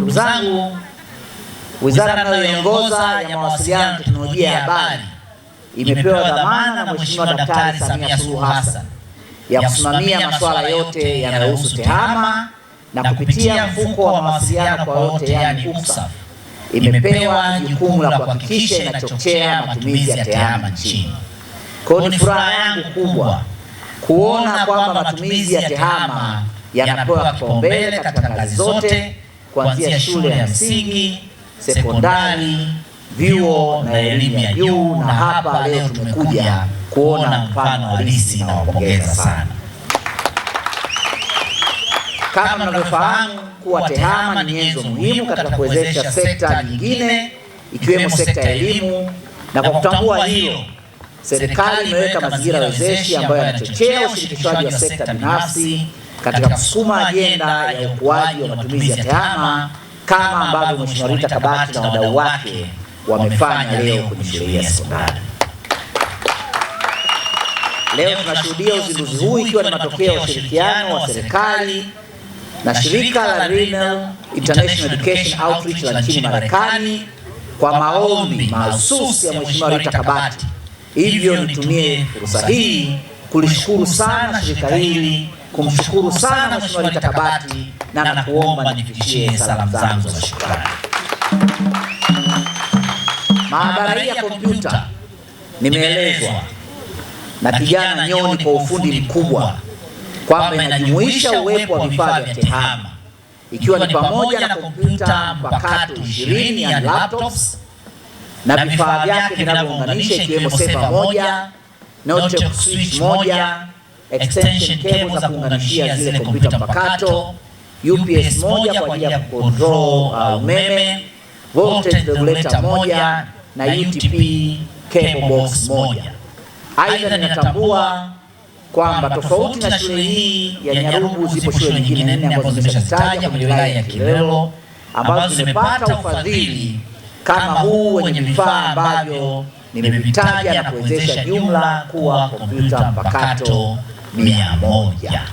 Ndugu zangu, wizara inayoongoza ya mawasiliano teknolojia ya habari imepewa dhamana na Mheshimiwa Daktari Samia Suluhu Hassan ya kusimamia masuala yote yanayohusu TEHAMA na kupitia mfuko wa mawasiliano kwa wote yani UCSAF imepewa jukumu la kuhakikisha inachochea matumizi ya TEHAMA nchini. Kwa hiyo ni furaha yangu kubwa kuona kwamba matumizi ya TEHAMA yanapewa kipaumbele katika ngazi zote kuanzia shule ya msingi, sekondari, vyuo na elimu ya juu, na hapa leo tumekuja kuona mfano halisi na sana. Kama mnavyofahamu kuwa TEHAMA ni nyenzo muhimu katika kuwezesha sekta nyingine ikiwemo sekta ya elimu, na kwa kutambua hilo serikali imeweka mazingira wezeshi ambayo yanachochea ushirikishwaji wa sekta binafsi katika kusukuma ajenda ya ukuaji wa matumizi ya TEHAMA kama ambavyo Mheshimiwa Rita Kabati na wadau wake wamefanya leo kwenye sherehe ya sekondari. Leo tunashuhudia uzinduzi huu ikiwa ni matokeo ya ushirikiano wa serikali na shirika la Renal International Education Outreach la nchini Marekani kwa maombi mahususi ya Mheshimiwa Rita Kabati. Hivyo nitumie fursa hii kulishukuru sana shirika hili kumshukuru sana Mheshimiwa Rita Kabati na nakuomba nifikishie salamu zangu za shukrani. Maabara hii ya kompyuta nimeelezwa na kijana nyoni kwa ufundi mkubwa kwamba inajumuisha uwepo wa vifaa vya tehama ikiwa ni pamoja na kompyuta mpakato ishirini ya laptops na vifaa vyake vinavyounganisha ikiwemo seva moja, notebook switch moja extension cable za kuunganishia zile kompyuta mpakato, UPS moja kwa ajili ya control uh, uh, umeme, voltage regulator moja na UTP cable box moja. Aidha, ninatambua kwamba tofauti na shule hii ya Nyarugu zipo shule nyingine nne ambazo zimeshataja kwenye wilaya ya Kilolo ambazo zimepata ufadhili kama huu wenye vifaa ambavyo nimevitaja na kuwezesha jumla kuwa kompyuta mpakato mia moja.